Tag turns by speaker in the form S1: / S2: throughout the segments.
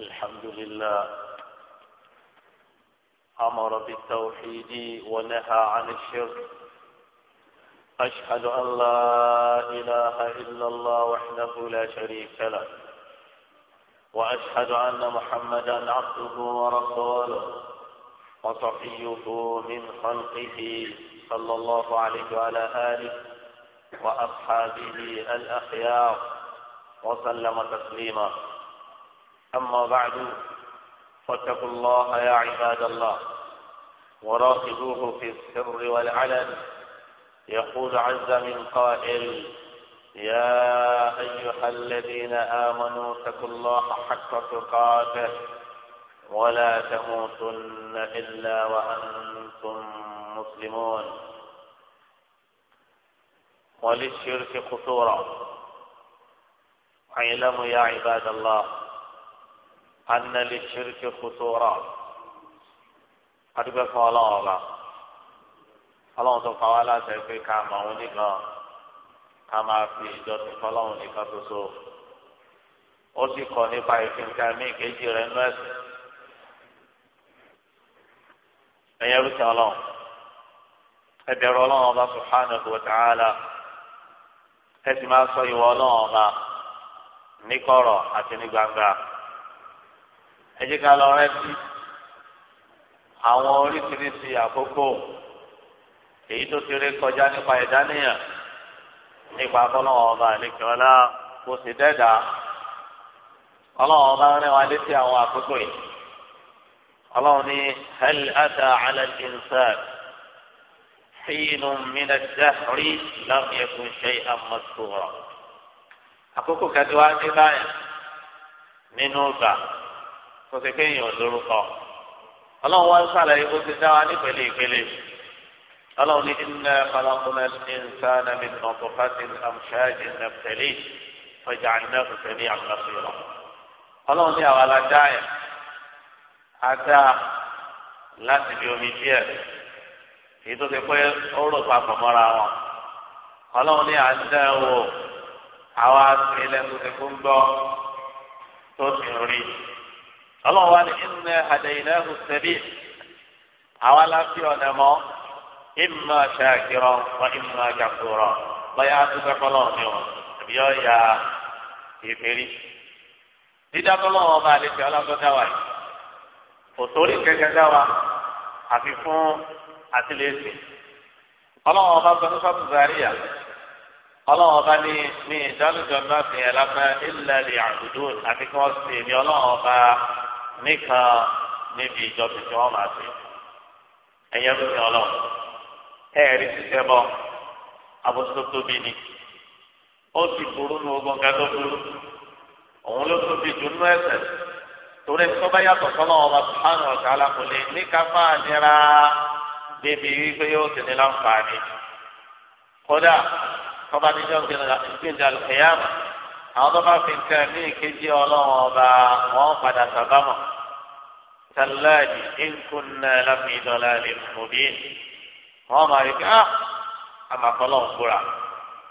S1: الحمد لله أمر بالتوحيد ونهى عن الشرك أشهد أن لا إله إلا الله وحده لا شريك له وأشهد أن محمدا عبده ورسوله وصفيه من خلقه صلى الله عليه وعلى آله وأصحابه الأخيار وسلم تسليما أما بعد فاتقوا الله يا عباد الله وراقبوه في السر والعلن يقول عز من قائل يا أيها الذين آمنوا اتقوا الله حق تقاته ولا تموتن إلا وأنتم مسلمون وللشرك خطورة اعلموا يا عباد الله anali shirki kutura adúgbò fún ọlọ́run ọba ọlọ́run tó pawá láti ẹ pé ká máa wọn nìkan ká máa fi ìjọsìn fọlọ́run nìkan ṣoṣo ó sì kọ nípa ìfínkámí ìkejì rẹ nú ẹ̀sìn ẹ̀yẹ rúṣẹ́ ọlọ́run ẹ̀bẹ̀rù ọlọ́run ọba subhanahu wa ta'ala ẹ sì máa sọ ìwọ ọlọ́run ọba níkọ̀rọ̀ àti ní gbangba ẹ jẹ́ ká lọ rántí àwọn oríṣiríṣi àkókò èyí tó ti rí kọjá nípa ìdánìyàn nípa fọlọ́wọ́n ọba àlekè ọlá kò sì dẹ́dà ọlọ́wọ́n ọba rìn wá létí àwọn àkókò yìí ọlọ́wọ́n ní hal ata ala al-insan hínú min lam yakun shay'an mazkura àkókò kẹtù wá ní báyìí nínú gbà kó sì kéèyàn lórúkọ ọlọ́run wá ń sàlàyé bó ti dá wa nípele ìpele ọlọ́run ní iná kọlọ́kùnrin ẹ̀ńsán nàmi nọ̀tọ̀fàtì àmúṣáàjì nàfẹ̀lì ọjà iná kùsẹ̀lì àmúṣáàjì ọlọ́run ní àwa la dá yẹn a dá láti fi omi díẹ̀ èyí tó ti pé ó rò papọ̀ mọ́ra wọn ọlọ́run ní à ń àwa ti lẹ́nu tó ti kú ń tó ti rí i ọlọ́run wa ni inna hadaynahu sabil àwa la fi ọ̀nà mọ́ imma shakira wa imma kafura báyà àtúntò fọlọ́run ni wọn àbí yọ ya ìfèrí dídá fọlọ́run ọba àlejò ọlọ́gbọ́dá wa yìí òtórí kẹ̀kẹ́ dá wa àfi fún àtìlẹ́sìn ọlọ́run ọba gbọ́dọ̀ sọ́tù zaria ọlọ́run ọba ní ní ìdánilẹ́jọ́ náà fi lápá ilẹ̀ àdúdú àti kí ní ọlọ́run ọba nìkan níbi ìjọsìn tí wọ́n máa ṣe ẹ̀yẹ́ ló ní ọlọ́run ẹ̀ẹ́rì ṣiṣẹ́ bọ́ abosó tóbi ni ó sì burú nu ogun kẹ́tọ́ burú òun ló tóbi jù nú ẹ̀ṣẹ̀ torí tó bá yàtọ̀ sọ́nà ọba sùpánù ọ̀tá alákòlè ní káfá nira débi wípé yóò sì ní láǹfààní kódà tọ́ba níjọ́ gbẹ̀ngàn ìgbìndà lùkẹ́yàmù àwọn tó bá fi nǹkan ní ìkejì ọlọ́run ọba wọn padà sábàmọ̀ tàlàyé ìnkùnà láfi ìdọ̀là lè mọ̀bí wọn máa rí ah, ká àmàkọ́lọ́ òkúra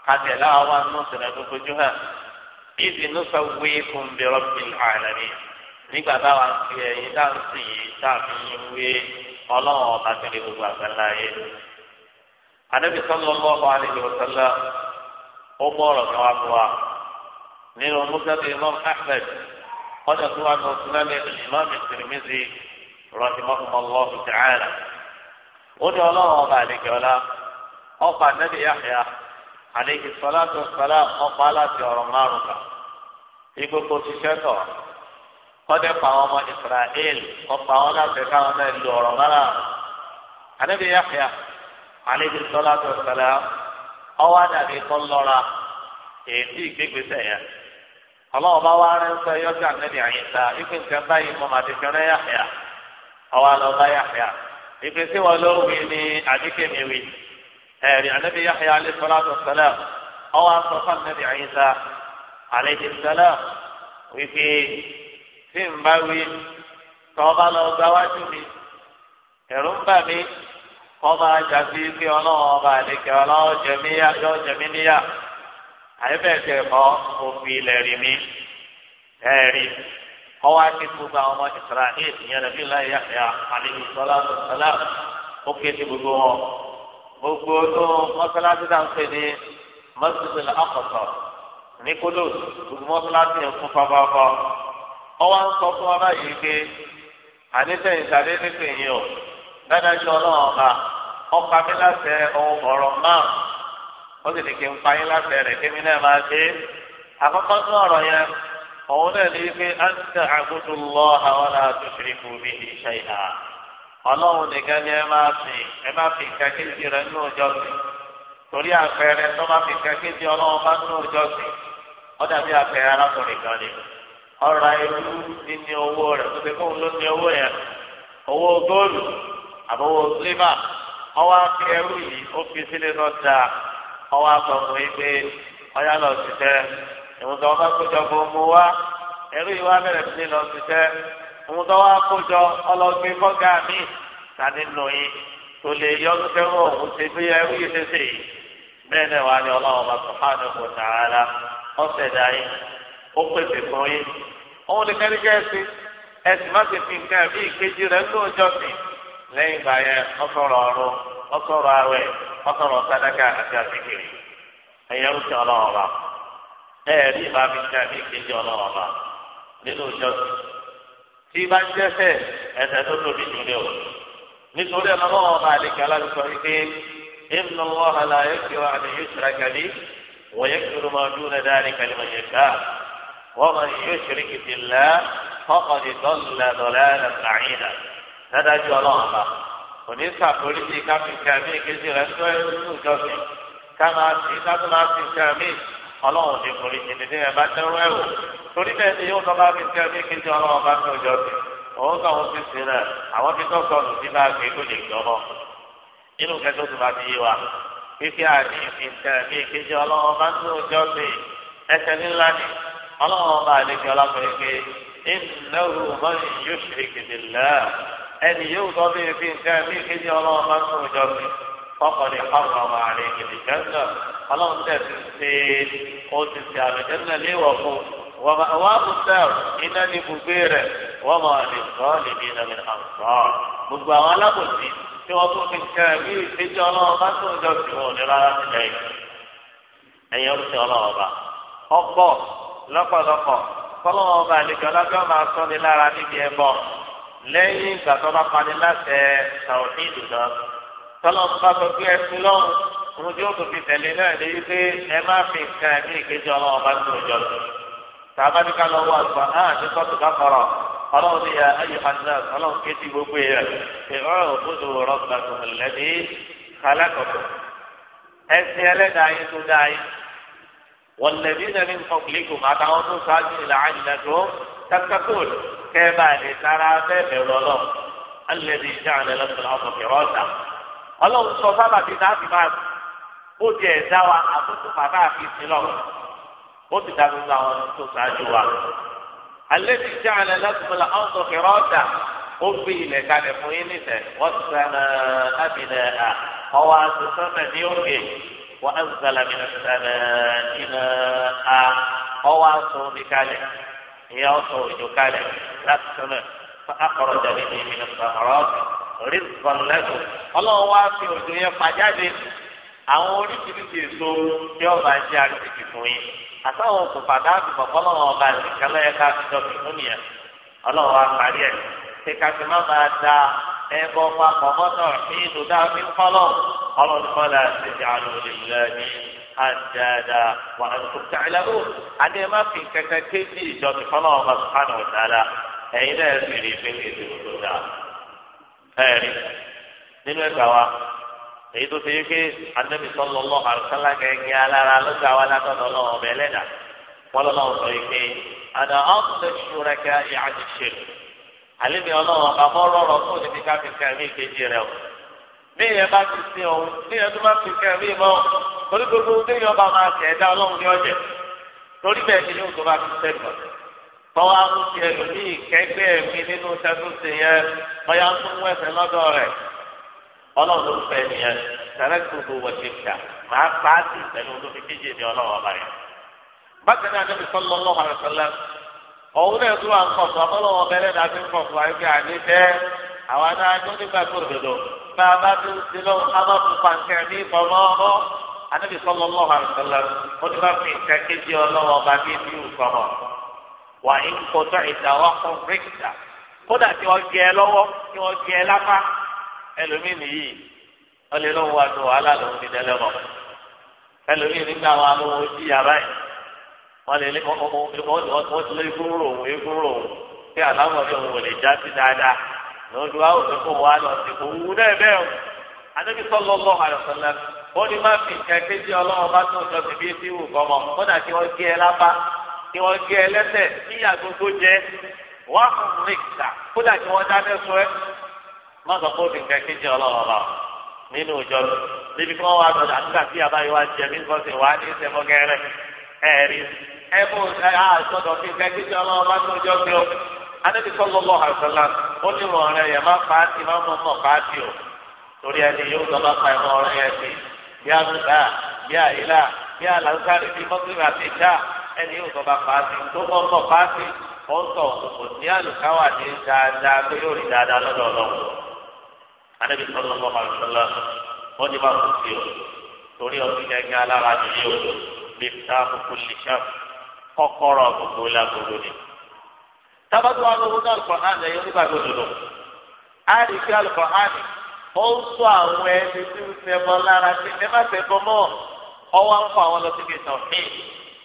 S1: kàtẹ́ láwọn wà nù sẹ̀rẹ̀ tó fojú hàn ìdí nù sọ wí fún bẹ̀rọ̀ bí àlàní nígbà táwa ń fi ẹyin dáǹsì yìí tàbí wí ọlọ́run ọba kiri gbogbo àgbàlá yẹn. àdébìsọ́ lọ́wọ́ àlejò sọ́lá ó mú ọ̀rọ̀ nínú mùsàlùmí imam ahmed ọjọ́ tó wà ní ọ̀sùnlẹ̀ imam ìtìrìmìsì rahimahumullahu ta'ala ó ní ọlọ́run ọba àlejòọlá ọkọ̀ ànábì yahya àlejò sọláàtò sọlá ọkọ̀ aláti ọ̀rọ̀ márùn kan ìgbókò ṣiṣẹ́ tọ̀ kọ́dẹ̀ pa àwọn ọmọ israel ọ̀pọ̀ àwọn láti káwọn náà lu ọ̀rọ̀ márà ànábì yahya àlejò sọláàtò sọlá ọwọ́ àdàbí kọ́ lọ́ra èyí tí ìgbégbèsè yẹn ọlọ́run bá wá rẹ́ sọ yọ sí ànábì àyíká ipe nǹkan báyìí mo máa ti fi rẹ́ yàhìá ọwọ́ àlọ́ bá yàhìá ipe tí wọ́n ló wí ni àdíkè mi wí ẹ̀rí ànábì yàhìá alẹ́ sọlá tó sẹlẹ̀ ọwọ́ àsọ fún ànábì àyíká alẹ́ ti sẹlẹ̀ wípé tí n bá wí tọ́ bá lọ gba wájú mi ẹ̀rú ń bà mí kọ́ máa jà sí pé ọlọ́run ọba àdékè ọlọ́run jẹ̀mí àyẹ̀bẹ̀ẹ̀kẹ́ kọ́ òfin ilẹ̀ rí mi ẹ̀rí ọwọ́ àti gbogbo àwọn ọmọ Israẹli ìyẹn nàbí láyé àyà àlejò sọlá sọlá ó ké sí gbogbo wọn gbogbo tó mọ́sálásí náà ń pè ní mọ́sálásí àkọ́tọ̀ ní kóló gbogbo mọ́sálásí yẹn fún fáfáfá ọwọ́ ń sọ fún wa báyìí pé àníṣẹ́yìn sáré nípìnyìn o dáadáa ṣe ọlọ́run ọba ọkà mi láṣẹ ohun ọ̀rọ̀ ó sì ní kí n fa yín lábẹ́ rẹ̀ kí mi náà máa ṣe é àkọ́kọ́ ní ọ̀rọ̀ yẹn òun náà ní pé á ń tẹ àgùdù lọ àwọn àtúnṣe kù mí ní iṣẹ́ ìhà ọlọ́run nìkan ni ẹ máa sìn ẹ máa fi nǹkan kejì rẹ ní òjọ́ sí torí àpẹẹrẹ tó máa fi nǹkan kejì ọlọ́run bá ní òjọ́ sí ó dàbí àpẹẹrẹ arákùnrin kan ni ọ̀rọ̀ ẹlú níní owó rẹ̀ tó fi kóun ló ní owó yẹn owó góòlù àbówó sílífà ọwọ́ á ẹrú yìí ó fi sílé náà dáa. Ọwa afọ yìí ikpe, ọyá lọ ṣiṣẹ́ ìwọ̀n tó ọba kójọ fún mu wá ẹrú ìwà bẹ̀rẹ̀ sí lọ ṣiṣẹ́ ìwọ̀n tó kójọ ọlọ́gbé kọ́gà mi ta nínú yín tó lè yọ ọdún òun ṣe bí ẹrú yìí yìí náà wà ní tààrà ó pèsè fún òun ní má ti fi nǹkan ìkejì sí ìgbà yẹn ọsọrọ sadaka àti àtìkiri ẹyẹ ń sọ Ọlọ́run ọba ẹyẹ tí ìbá fi ṣe àtìkiri Ọlọ́run ọba nínú ìjọsìn tí bá ń jẹsẹ ẹsẹ tó tóbi jù lé o nítorí Ọlọ́run ọba àlejò alágbèsọ wípé inna Allaha la yaghfiru an yushraka bihi wa yaghfiru ma duna dhalika liman yasha' wa man yushrik billahi faqad dalla dalalan ba'ida dájú Ọlọ́run ọba kò ní sàforíjì káfí kẹmí kejì rẹ tó ẹrú tó jọsìn ká máa sí kátó máa sí kẹmí ọlọ́run ní foríjì ní bíyẹn bá dẹrú ẹwò torí bẹ́ẹ̀ ni yóò tọ́ba fi kẹmí kejì ọlọ́run bá tó jọsìn òun kàn wọ́n ti sin rẹ̀ àwọn tí tó sọnù sí bá gbé kó lè gbọ́mọ inú kẹtó tó bá ti yé wa fífi àní fi kẹmí kejì ọlọ́run bá tó jọsìn ẹsẹ̀ ńlá ni ọlọ́run bá lè fi ọlọ́run ẹni yóò tọ́ bí fi nǹkan mí kéde ọlọ́run máa ń sọ̀rọ̀ jọ sí fọkànlẹ̀ fáwọn ọmọ àrẹ ìdìjẹ́ńdà ọlọ́run tẹ̀ sí ṣe ó ti ṣe àbẹ̀jẹ́ńdà léwọ̀ fún wọ́n wá kú iná ní gbogbo rẹ̀ wọ́n mọ̀ lè sọ lè ní àwùjọ. gbogbo àwọn alábòsí tí wọ́n tún fi nǹkan mí kéde ọlọ́run máa ń sọ̀rọ̀ jọ sí wọn ní rárá sílẹ̀ ẹ̀yẹ ń ṣe ọlọ́run ọba ọ̀pọ̀ lẹ́yìn ìgbà tó bá pani láti tàwọ̀fíìdù lọ tọ́lọ́ bá sọ pé ẹsìn lọ́hùn òun tí ó tún fi tẹ̀lé náà lè rí pé ẹ má fi nǹkan ẹ̀mí ìkejì ọlọ́run bá tó jọ lọ. tàbá ní ká lọ wọ àgbà náà ní sọ́tù bá kọ̀rọ̀ ọlọ́run ní ayé hanna ọlọ́run kéjì gbogbo yẹn ìrọ̀rùn òkúdù rọ̀gbàtò lẹ́ni kálákọ̀tọ̀ ẹsìn ẹlẹ́dàá yín tó dáa والذين من قبلكم أتعودوا سعدي لعلكم تتقون كما لترى بيرولو الذي جعل لكم الأرض فراشا ọlọ́run sọ sábà bíi náà ti máa ó jẹ ẹ̀dá wa àtúntò bàbá àfi sílọ̀ ó ti dàbí nínú àwọn tó ṣáájú wa. alẹ́ ti jẹ́ àlẹ́ lọ́sùnmọ́lá ọ̀sán kẹrọ ọ̀dà ó fi ilẹ̀ kalẹ̀ fún yín nìfẹ̀ẹ́ wọ́n ti sẹ́nu ẹ̀ẹ́dẹ́gbẹ̀rẹ́ ọwọ́ àti sọ́mẹ̀ ní òkè wọ́n á sàlà mi sàlà nínú a ọwọ́ aṣọ omi kalẹ̀ ìyá ọṣọ òjò kalẹ̀ láti sọmọ fún akọrọ jàdé ní ìmìnira sọmọrọ rí sọmọlẹ́kù ọlọ́run wá fi òjò yẹn fàjáde àwọn oríṣiríṣi èso tí ọba ń ṣe àríṣìkì fún yín àtàwọn òkùnfà dáàbò bọ̀bọ́ lọ́wọ́ ọba ìṣẹ̀lẹ̀ ẹ̀ka àtijọ́ fífún nìyẹn ọlọ́run wá ẹ̀ ṣe kàṣí má máa da ẹbọ papọ̀ mọ́tò ìdùdá fífọ́lọ́ ọlọ́run ní wọn là ṣe ti àlọ́ ìlẹ̀ ní àdáadá wà á tó tẹ̀ ẹ́ lẹ́wọ́ adé má fi kẹ̀kẹ́ kéjì ìjọsìn fọlọ́ ọba sùpánù ọ̀dáadá ẹ̀yin náà sì rí ìpínlẹ̀ èdè tó dáa ẹ̀rí nínú ẹ̀ka wa èyí tó ṣe yí pé anábì sọ́lọ́ lọ́ àrùsálà gẹ́gẹ́ alára lọ́gà wa látọ̀dọ̀ lọ́wọ́ ọ̀bẹ ẹlẹ́dà wọ́n lọ́wọ́ sọ yí pé àná ọ̀sẹ̀ ṣúrẹ́kẹ́ yàtì ṣe àlébì ọlọ́wọ́ àbọ̀ rọrọ̀ fún ìdíkà fi kẹ́mí kejì rẹ̀ o bí yẹn bá ti sin òun bí yẹn tó bá fi kẹrin bí mọ torí gbogbo ohun téèyàn bá máa tẹ̀ ẹ́ dá ọlọ́run ní ọ̀jẹ̀ torí bẹ́ẹ̀ ni yóò tó bá fi sẹ́gbọ̀n tọ́wọ́ àwọn ti ẹ̀rọ ní ìkẹgbẹ́ mi nínú sẹ́túnṣe yẹn bóyá ń tún wẹ̀sẹ̀ lọ́dọ̀ rẹ̀ ọlọ́run ló fẹ́ nìyẹn sẹ́lẹ̀kùtù wọ̀ṣẹ̀ fìyà máa bá a ti pẹ̀lú tó fi kíjì ní ọlọ́run ọba yẹn. bákan náà níbi sọ́lọ́ lọ́wọ́ àrẹ̀sọ́lẹ́ òun náà tún wà ń kọ̀ọ̀tù ọlọ́run ọbẹ̀ lẹ́nu àti ń kọ̀ọ̀tù àyíkẹ́ àní bẹ́ẹ̀ àwọn adájọ́ nígbà tó dòdò bá a bá fi ń sin lọ a bá fi pàǹkẹ́ ní ìfọ̀mọ́ ọ̀rọ̀ anábì sọlọ lọ́wọ́ àrùsọ̀lá ó fi ọba lápá ẹlòmíì nìyí wa wàhálà lòún fi dẹ́lẹ́ mọ́ ẹlòmíì nígbà wa ló wọ́n jí yàrá lè lọ́dún àwọn òṣèkò wà lọ sí òwú náà bẹ́ẹ̀ o adébí sọ́lọ́ lọ́ àyọ̀sọ́lá ó ní má fi kẹ́ kéjì ọlọ́run bá tún ọjọ́ bíbí sí ìwù gọmọ kódà kí wọ́n gé ẹ lápá kí wọ́n gé ẹ lẹ́sẹ̀ kí yàgò tó jẹ wá fún rìkìtà kódà kí wọ́n dáná sọ ẹ́ má sọ pé ó fi kẹ́ kéjì ọlọ́run bá nínú ìjọ níbi kí wọ́n wá lọ àdúgbà tí àbáyọ wá jẹ mí kọ́sẹ̀ wá ní ìsẹ́mọ́gẹ́rẹ́ ẹ̀rí ẹ̀ anabi sallallahu alaihi wasallam ó ní wọn rẹ yẹn máa pàtì máa mọ mọ pàtì o torí ẹni yóò gbọ́ máa pa ẹ̀mọ́ ọ̀rẹ́ yẹn sí bí àgùntà bí àyílà bí àlàǹkárì bí mọ́kìlì àti ìjà ẹni yóò gbọ́ máa pàtì tó mọ mọ pàtì ó ń tọ̀ kò ní àlùkáwà ní dáadáa pé yóò rí dáadáa lọ́dọ̀ ọlọ́run anabi sallallahu alaihi wasallam ó ní máa kú sí o torí ọtí gẹ́gẹ́ alára nìyí o lè ta kókó lè ṣá kọ́kọ́rọ́ gbogbo lágbogbo nìyí tábàtú wa lówó ní alukọ̀hánì ẹ̀yọ́ nígbà tó dodo á rí i pé alukọ̀hánì ó ń sọ àwọn ẹni tí ń ṣẹbọ lára sí ẹ má ṣẹbọ mọ́ ọwọ́ ń kọ àwọn lọ́sí kìtọ̀ ní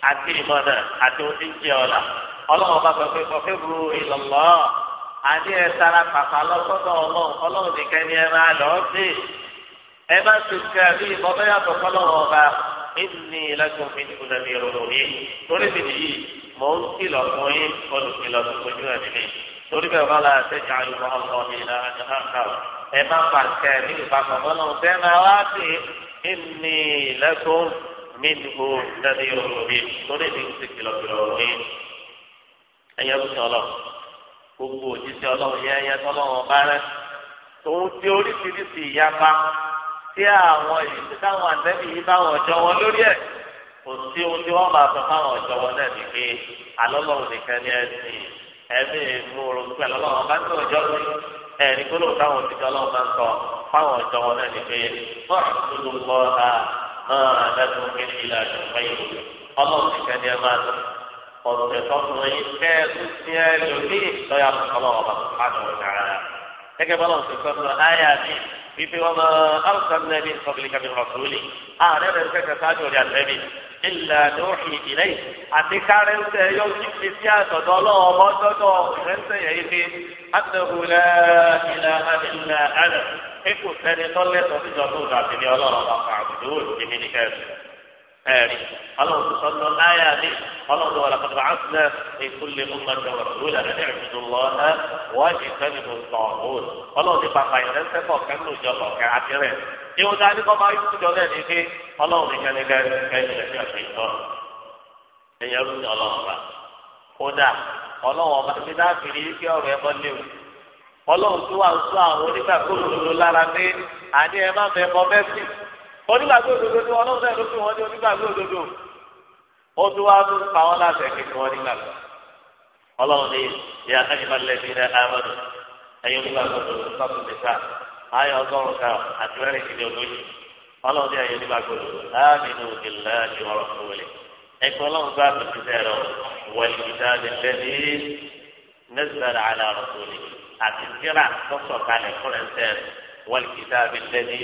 S1: àti ìmọ̀nà àti oníjẹ ọ̀la ọlọ́run bá sọ pé kọfí ru ìlọ́lọ́ àní ẹ sara pàpà lọ́sọ́dọ̀ ọlọ́run ọlọ́run nìkan ni ẹ máa lọ́ọ́ sí ẹ má ṣe kẹ́rì ìbọ̀bẹ́yàtọ̀ kọ́lọ́run ọba ìnìyàn lẹ́kọ̀ọ́ mi ní kúndàmí ìròyìn torí mi nìyí mò ń kìlọ̀ fún yín olùkìlọ̀ tó kojú ẹ̀ nílé torí bẹ́ẹ̀ bá la ṣe jà lù wọ́n lọ ní ìlànà ìhànkà ẹ má bà kẹ́ ní ìbámu ọlọ́run fẹ́ máa wá sí ìní lẹ́kùn mí ní o lẹ́ni òbí torí ní ti kìlọ̀ kìlọ̀ òbí ẹ̀yẹ bí sọ̀lọ̀ gbogbo òjíṣẹ́ ọlọ́run yẹ ẹyẹ tọ́lọ́run bá rẹ̀ tòun ti oríṣiríṣi ìyapa tí àwọn ìdí táwọn àtẹ́bí yìí báwọn ọjọ́ wọn lórí ẹ̀ kò sí ohun tí wọ́n máa sọ fáwọn ọ̀jọ̀ wọn náà ní pé alọ́lọ́run nìkan ni ẹ̀sìn ẹ̀mí ìmúrun pẹ̀lú ọlọ́run bá tó ọjọ́ sí ẹ̀rí kó lóun táwọn òsìkà ọlọ́run máa ń sọ fáwọn ọ̀jọ̀ náà ní pé bọ́ọ̀lù tó ń bọ́ ta máa dẹ́kun kí ìlà ìjọba ìlú ọlọ́run nìkan ni ẹ máa ọ̀sẹ̀ tọkùnrin kẹ́ ẹ ọ̀sẹ̀ sọ́nù ilà lóhìn ìlẹ́ yìí àti kárẹ́ńtẹ̀ yóò ti fi sí àtọ̀dọ̀ ọlọ́wọ́ ọmọ dọ́dọ̀ ìrẹ́ńtẹ̀ yẹn yìí fi àtẹ̀wòlẹ̀ ilà àdìlà àdà kíkù sẹ́ni tọ́lẹ̀ tọ́síjọ́ tó dà sí ní ọlọ́run ọkọ̀ àbùdó ìdíbi ní kẹ́sì. ẹ̀rí ọlọ́run tó sọ́dọ̀ láyà ní ọlọ́run wà lọ́kọ̀ àtúnṣe ìkúlẹ̀ ọmọdé rọ̀lúwìlà ní ìwọ ta ni kọ́ máa yóò jọ lẹ́nu ike ọlọ́run ní kẹ́ni kẹ́ni ẹ̀ṣẹ̀ àfihàn ẹ̀yẹ ló ní ọlọ́run bá kódà ọlọ́run ọba ti dá fìrí ike ọ̀rọ̀ ẹ̀kọ́ léwu ọlọ́run tó wà ń sọ àwọn onígbà tó lòlò lára pé àní ẹ má fẹ́ kọ́ mẹ́sì onígbà tó lòlò tó ọlọ́run náà ló fi wọ́n ní onígbà tó lòlò ó tó wá tó pa wọ́n láti ẹ̀kí fún onígbà tó ọlọ́run ní ayé ọgọ́rùn kan àti mẹ́rin sí ní ogójì Ọlọ́run ní ayé nígbà gbọ́dọ̀ láàmìnú ìlà ìwọrọ fúnwẹlẹ ẹgbẹ Ọlọ́run gbà tó ti sẹrọ wọlé ìdá lẹsẹ ní nẹsẹrẹ àlàrọ fúnwẹlẹ àti tíra tọsọ kalẹ̀ fún ẹsẹ wọlé ìdá lẹsẹ ní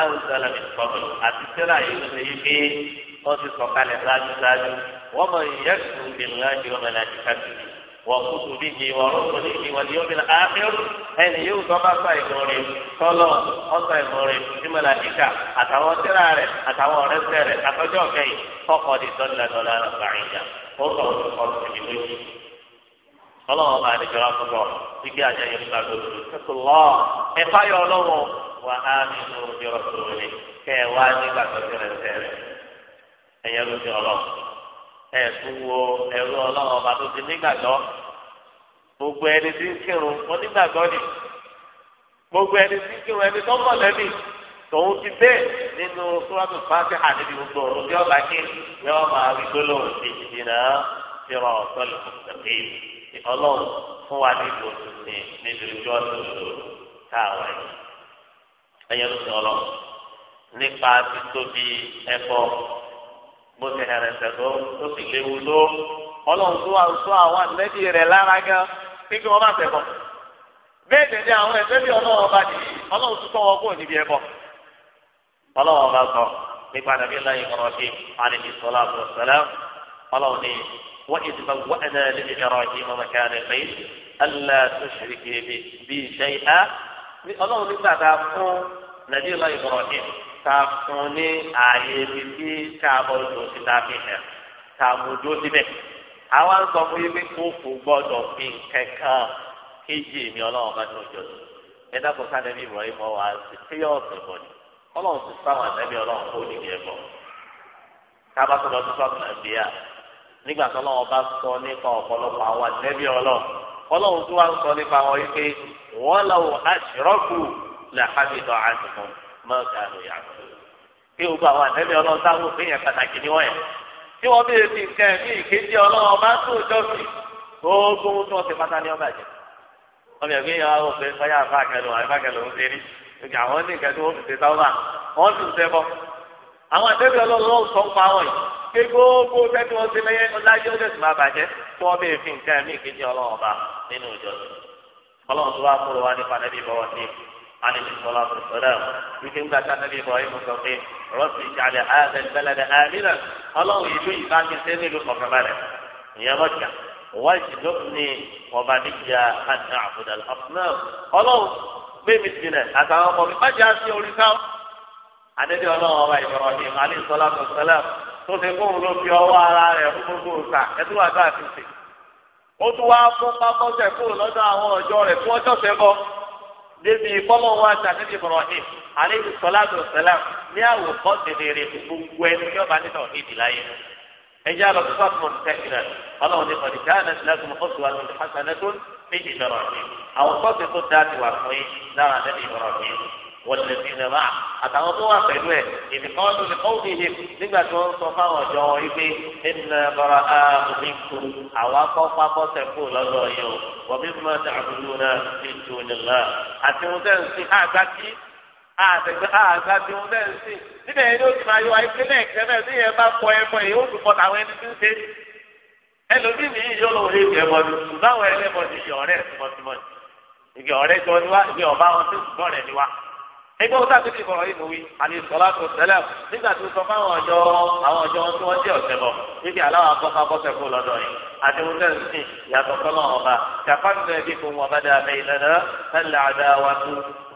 S1: àwùjọ mi kọmọ àti tíra yìí ló ṣe yí pé wọn ti sọ kalẹ̀ ṣáájú ṣáájú wọn mọ ìyẹsùn ìlànà ìwọmọlẹ àti kábíyì. وكتبه ورسله واليوم الآخر أن يوسف سيدوري صلو أسيدوري الملائكة أتوا سرارة أتوا رسالة أتوا كي فقد ضل ضلالا بعيدا وصل القرب بوجهه ọlọ́run bá ní jọra fún bọ́ wíkẹ́ àjẹ́ yẹn nípa gbogbo ṣẹ́kù lọ ẹ̀fá yọ ọlọ́run wà á nínú ìjọra tó rẹ̀ kẹ́ ẹ̀ wá nígbà tó ti rẹ̀ sẹ́rẹ̀ ẹ̀yẹ́ ló ti ọlọ́run. ẹ̀sùn wo ẹ̀rọ ọlọ́run ọba tó ti nígbàgbọ́ gbogbo ẹni tí ń kírun wọn nígbàgbọ́ ni gbogbo ẹni tí ń kírun ẹni tó mọ̀ lẹ́bi tòun ti bẹ́ẹ̀ nínú fáṣẹ́ àdébí gbogbo ọ̀run tí ọba kí máa rí gbólóhùn sí tí ọlọ́run fún wa ní ìbò ní níbi ojú káàwá yìí ẹ̀yẹ́ ló ti ọlọ́run nípa títóbi bó ti hẹrẹ sẹ̀tọ́ tó sì léwu tó ọlọ́run tó wà tó àwọn àtẹ́bí rẹ̀ lára gan pé kí wọ́n má fẹ́ bọ̀. bẹ́ẹ̀ tẹ̀lé àwọn ẹ̀fẹ́ bí ọlọ́run bá nìyí ọlọ́run tó tọ́ wọn kúrò níbi ẹ̀bọ̀. ọlọ́run bá sọ nípa nàbí láyé kan ọ̀sẹ̀ àlejò sọlá àbúrọ̀sẹ̀lẹ̀ ọlọ́run ní wọ́n ti bá wọ́n ẹ̀dá níbi ẹ̀rọ ọ̀sẹ̀ mọ̀mọ́kẹ́ àlẹ́fẹ́ Allah tó ṣèlè bíi ṣe é ta fún ní ààyè ibi tí káàbọ̀ tó ti ta fi hàn ta mojú síbẹ̀. àwa ń sọ fún yín pé kó fò gbọ́dọ̀ fi kankan kéjì mi ọlọ́run bá tó jọ sí. ẹ dákun sáà nẹ́bí Ibrahim ọ̀wá sí fíyọ̀ ọ̀sẹ̀ bọ̀ ni ọlọ́run sì sáwọn àtẹ́bí ọlọ́run kó nìyí ẹ̀ bọ̀. káàbà tó lọ sí sọ́ọ̀tún nàìjíríà nígbà tó lọ́wọ́ bá sọ nípa ọ̀pọ̀lọpọ̀ àwọn àtẹ́bí mọ́ọ̀kánù yàtọ̀ kí gbogbo àwọn àtẹ́bí ọlọ́run táwọn òfin yẹn pàtàkì ni wọ́n yẹn tí wọ́n bí èsì nǹkan ẹ̀mí ìkejì ọlọ́run bá tó jọ́sìn gbogbo tí wọ́n ti pátá ní ọgbà jẹ ọmọ ẹ̀mí yẹn wọ́n fẹ́ sọ́yà àfáàkẹ́lò àfáàkẹ́lò ń ṣe rí ìgbà àwọn ní nǹkan tí wọ́n fi ṣe sáwọ́mà wọ́n sì ń ṣẹ́ bọ́ àwọn àtẹ́bí ọlọ́run sọ pa wọ́n yìí pé gbogbo عليه الصلاة والسلام يمكن ذاك النبي إبراهيم الصديق رب اجعل هذا البلد آمنا الله يجوي بعد سنة للمكملة يا مكة واجنبني وبني أن نعبد الأصنام الله بمثلنا هذا هو ما جاء في أولئك àdébí ọlọ́wọ́ ọba Ibrahim alayhisalaatu salam tó ṣe fún un ló fi ọwọ́ ara rẹ̀ fún ó tún wá fún pápọ́sẹ̀ kúrò lọ́dọ̀ àwọn ọ̀jọ́ rẹ̀ fún ọjọ́ sẹ́kọ̀ọ́ débi fọlọ́ wa sàdébi Ibrahim aleyhi sọláàtù sẹlẹm ní àwòkọ́ tẹ̀lére gbogbo ẹni tí ọba nínú ìdí láyé ẹjẹ alọ tó fàtúmọ̀ tẹ̀síra ọlọ́run ní kọ́ni káyọ̀ lẹ́sùn mọ́tò àti hasanatun ní Ibrahim àwòkọ́ tẹ̀ tó dáa ti wà fún yín lára nẹ́bí Ibrahim والذين معه أتعرضوا فإنه إذ قالوا لقومهم لما توصفوا جوائبه إن براء منكم أو أقف قصفوا لله ومما تعبدون من دون الله àti wọn tẹ̀ ń sìn àgbà kí àtẹ̀gbẹ́ àgbà tí wọn tẹ̀ ń sìn níbẹ̀ yẹn ni ó ti máa yọ àìpé lẹ́ẹ̀kẹ́ bẹ́ẹ̀ tí yẹn bá kọ ẹmọ yìí ó dùn kọ́ tàwọn ẹni tí ń ṣe ẹlòmíì ní yíyọ lọ òye ìgbẹ́ mọ́ ni ṣùgbọ́n àwọn ẹlẹ́mọ̀ ni ìyọ̀ ọ̀rẹ́ tìmọ̀tìmọ̀ ìgbẹ́ ọ̀rẹ́ jọ ni wá ìgbẹ́ ọ̀bá wọn tó ṣùgbọ́n rẹ̀ ni wá ẹgbẹ́ wọn sábẹ́ ti fọ̀rọ̀ ìmọ̀wé àti ìsọ̀lá tó tẹ́lẹ̀ nígbà tó sọ fún àwọn ọjọ́ àwọn ọjọ́ wọn tí wọ́n jẹ́ ọ̀sẹ̀ bọ̀ níbi aláwọ̀ abọ́kábọ́sẹ̀ kó lọ́dọ̀ yìí àti wọn náà sì yàtọ̀ sọ́nà ọba kàfáàmì ẹbí fún wọn bàdà bẹ́ẹ̀nẹ́nà ẹ̀lẹ́ àdáwàtú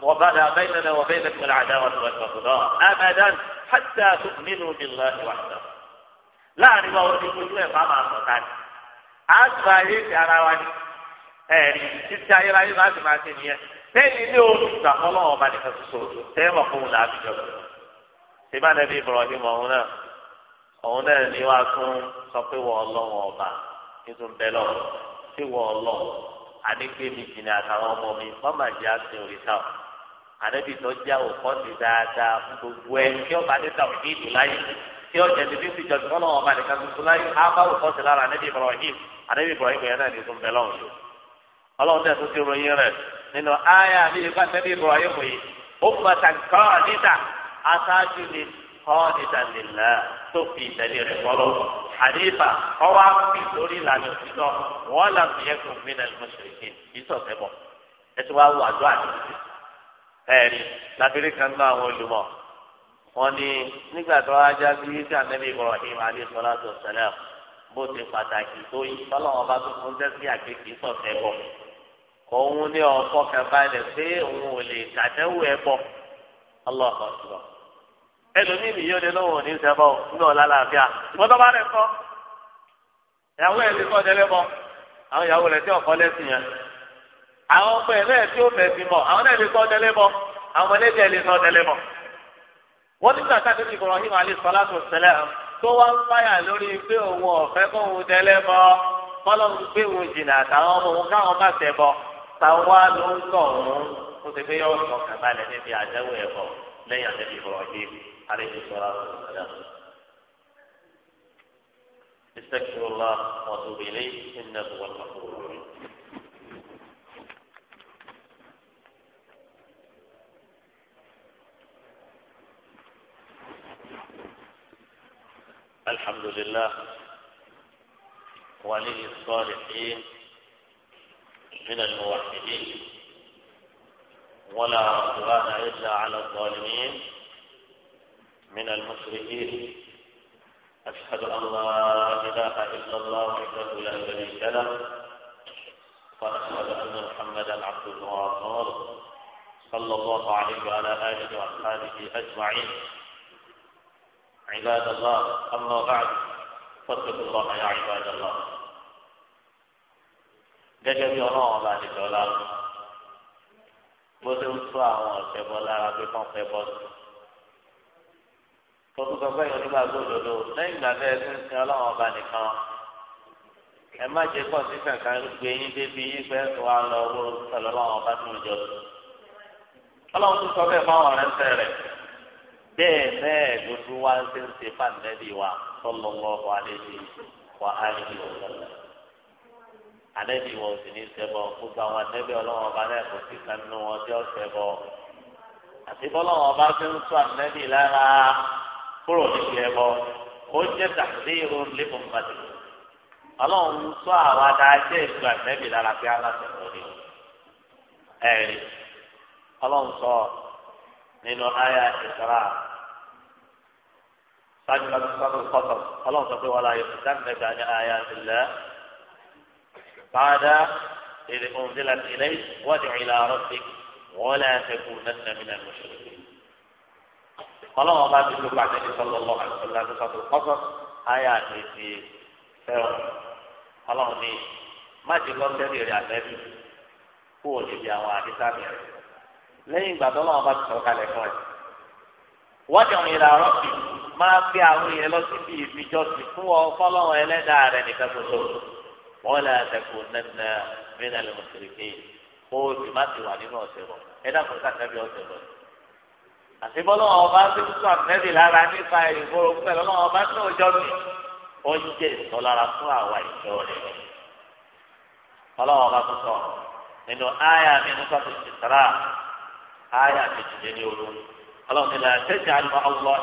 S1: wọn bàdà bẹ́ẹ̀nẹ́nà wọn bẹ́ẹ̀nẹ́ fún àdáwàtú wọn sọ̀tọ̀ abadan hatta láàrin wa wọn ti kojú ẹ̀ bá máa sọ̀tà ni àgbà ti ara wa ni ẹ̀ẹ́dì títí ayérayé láti máa ṣe nìyẹn tẹ́lẹ̀ ilé olùgbà ọlọ́run ọba nìkan ṣoṣo tẹ́lẹ̀ ọ̀fọ̀hún là á fi ṣèbá nàbí Ibrahim ọ̀hún náà ọ̀hún náà ni wàá tún sọ pé wọ́n ọlọ́run ọba nítorí bẹ́ẹ̀ lọ sí wọ́n ọlọ́run àdégbé mi jìnnà àtàwọn ọmọ mi mọ́mà jẹ́ àti òrìṣà ọ̀ àdébí tó jẹ́ òkọ́ ti dáadáa fún gbogbo ẹ kí ọba níta òní ìlú láyé kí ọjà níbi ti jọ tọ́lọ́ ọba nìkan tuntun láyé ábá òkọ́ ti lára àdébí Ibrahim àdébí Ibrahim yẹn náà ní tún bẹ́ẹ̀ lọ́wọ́ ọlọ́run náà tún ti ròyìn rẹ̀ nínú àyà mi nípa sẹ́bí Ibrahim yìí ó pàtà kọ́ níta aṣáájú ni kọ́ níta nìlá tó fi ìtẹ̀lé rẹ̀ wọ́lọ́ àdéhìfà ọwọ́ àfi lórí ìlànà òtítọ́ wọ́n là ń yẹ kó mí náà lọ́sọ̀rọ̀ ìsọ̀tẹ̀ bọ̀ ẹ ti wá wọ àjọ àdéhìfà ẹ̀rí lábẹ́rẹ́ kan náà àwọn olùmọ̀ wọn ní nígbà tó wá já sí sí ànábì Ibrahim alayhi salatu wassalam bó ti pàtàkì tó yí òun ní ọkọ kẹfàlẹ pé òun ò lè kàtẹ́wò ẹ bọ ọlọ́ọ̀kọ̀ ṣùgbọ́n ẹlòmíì mi yóò dé lọ́wọ́ òní sẹ́bọ̀ ní ọ̀la làbíà ṣùgbọ́n tó bá rẹ̀ kọ́ ìyàwó ẹ̀ ti kọ́ délé bọ́ àwọn ìyàwó rẹ̀ tí ọ̀kọ́ lẹ́sìn yẹn àwọn ọmọ ẹ̀ náà tí ó fẹ̀sì mọ̀ àwọn náà lè kọ́ délé bọ́ àwọn ọmọdéjì ẹ̀ lè sọ délé bọ́. wọ́n ní kàkà tó ti kọ̀rọ̀ hímà alẹ́ sọlá tó ṣẹlẹ̀ tó wá ń fáyà lórí pé òun ọ̀fẹ́ kóhun délé bọ́ kọ́lọ́ táwa ló ń tọ̀ ọ́n ó ti gbé yọ ọ̀sán kàbálẹ̀ níbi àdéhùn ẹ̀kọ́ lẹ́yìn àdébí Ibrahim alayhi salatu wassalam. استغفر الله واتوب اليه انه هو الغفور الرحيم الحمد لله ولي الصالحين من الموحدين ولا عدوان إلا على الظالمين من المشركين أشهد أن لا إله إلا الله وحده لا شريك له وأشهد أن محمدا عبده ورسوله صلى الله عليه وعلى آله وأصحابه أجمعين عباد الله أما بعد فاتقوا الله يا عباد الله gẹ́gẹ́ bí ọlọ́run ọba ti dọ́là lọ bó ṣe ń tún àwọn ọ̀sẹ̀ bọ́ lára pé kán fẹ́ bọ́ sí. tó tún sọ pé èèyàn nígbà gbòdodo lẹ́yìn ìgbà bẹ́ẹ̀ tí ń sin ọlọ́run ọba nìkan ẹ má jẹ́ pọ̀ sí kankan gbé yín débi yín pé ẹ̀ tó wá lọ owó pẹ̀lú ọlọ́run ọba tó jọ. ọlọ́run tún sọ bẹ́ẹ̀ fáwọn ọ̀rẹ́ ń rẹ̀ bẹ́ẹ̀ bẹ́ẹ̀ ló tún ń ṣe ń ṣe fàǹdẹ́bì wa sọ́lọ́mọ́ wa lé anẹ́bí wọn ò sì ní ṣẹbọ gbogbo àwọn anẹ́bí ọlọ́wọ́n ọba náà kò sí kan nínú wọn tí ó ṣẹbọ àti bọ́lọ́wọ́n ọba fi ń tú anẹ́bí lára kúrò níbi ẹbọ ó jẹ́ tàbí irun lébùn pàdé ọlọ́run ń tú àwọn adájẹ́ ìlú anẹ́bí lára pé aláṣẹ kò ní ẹ̀rí ọlọ́run sọ nínú àyà ìsara sáájú lọ́dún sábà kọ́tọ̀ ọlọ́run sọ pé wọ́n láyé fún dáńdẹ́gbẹ́ àyà ìlẹ́. بعد إذ أنزلت إليك وادع إلى ربك ولا تكونن من المشركين قال الله بعد ذلك بعد النبي صلى الله عليه وسلم سورة القصص آيات في فرعون الله ني ما تقول تبي يا نبي هو جدي أو سامي لين بعد الله بعد سورة القصص وادع إلى ربك ما في أولي لو تبي في جوتي هو فلان إلى دار نكتب wọ́lá àtẹ̀kù nẹ́nẹ́ mẹ́nà lè mọ̀sẹ̀lẹ̀kẹ́ kó o sì má ti wà nínú ọ̀sẹ̀ bọ̀ ẹ dákun ká nẹ́bí ọ̀sẹ̀ bọ̀. àti bọ́lá ọba ti ń sọ nẹ́bí lára nípa ìgboro pẹ̀lú ọlọ́run ọba tó ọjọ́ mi ó ń jẹ́ ìtọ́lára fún àwa ìjọ rẹ̀. ọlọ́run ọba tó sọ nínú áyà mi ní sọ́tù ìsìtara áyà mi ti dé ní olú ọlọ́run ní làtẹ́jà àlùmọ́ ọlọ́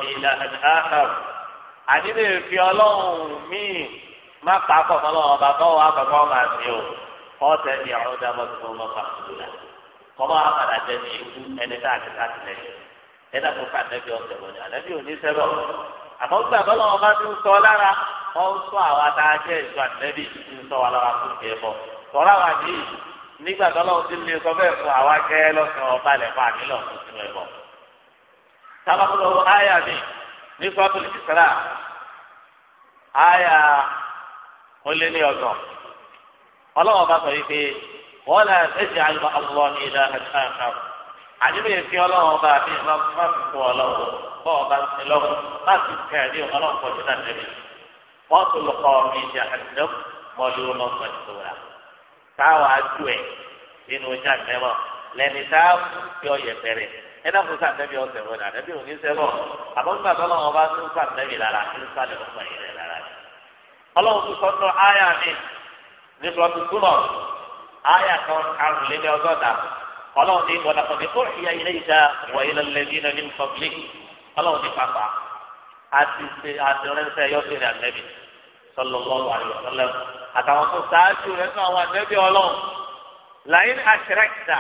S1: má kà á kọ̀ fọ́ lọ́wọ́ bá tọ́wọ́ wá kọ̀ fọ́ máa fi o kọ́ tẹ̀lé àwọn ọ̀dà bọ́ tó mọ́ fàkùrù la kọ́ bá wà padà ikú ẹni tá a ti ká tilẹ̀ ẹ̀dá tó fà nẹ́bí ọ̀sẹ̀ bọ̀ ní ànẹ́bí òní sẹ́bọ̀ àmọ́ gbà bọ́ lọ́wọ́ bá ń sọ lára wọ́n ń sọ àwa tá a jẹ́ ìjọ ànẹ́bí ń sọ wa lára fún tiẹ̀ bọ̀ tọ́lá wa ní nígbà tọ́lọ́wọ́ ti lè sọ bẹ́ẹ̀ fún àwa gẹ́ lọ́sàn-án balẹ̀ fún àmì lọ́sùn ó lé ní ọgbọ̀n ọlọ́wọ́n bá sọ yìí pé wọ́n lè ṣẹ̀ṣẹ̀ àlùmọ́ ọlọ́ ní ilẹ̀ àṣà àdúgbò yẹn fi ọlọ́wọ́n bá àti ìlọ má fi kú ọlọ́wọ́ bọ́ọ̀ bá ti lọ́wọ́ má fi kẹ́ ẹ̀rí ọlọ́wọ́n pọ̀ jù náà tẹ̀lé wọ́n tún lọ kọ́ mi ìjà àdúgbò mọ́lú ọlọ́wọ́n tó rà táwa ju ẹ̀ nínú ìjà mẹ́wọ̀ lẹ́ni táà fi ọyẹ bẹ̀rẹ̀ ẹ fún sàǹdẹ́bí ọ̀sẹ̀ wọn àdẹ́bí òní sẹ́wọ̀ àbọ̀ńgbà tọ́lọ́wọ́n bá ọlọ́run tó sọ nínú àyà mi ní sọ́ọ́tù túnọ̀ àyà kan karùn-ún lé ní ọgọ́ta ọlọ́run ní wọ́n dàpọ̀ ní kó ìyá ilé ìta wọ̀nyí lẹ́lẹ́dí náà ní pọ́blì ọlọ́run ní pàpà àti ṣe àtẹrẹsẹ yọ̀sìn ní ànẹ́bí sallallahu alaihi wasallam àtàwọn tó sáájú rẹ̀ náà wà ànẹ́bí ọlọ́run làyín àṣẹrẹ́kìtà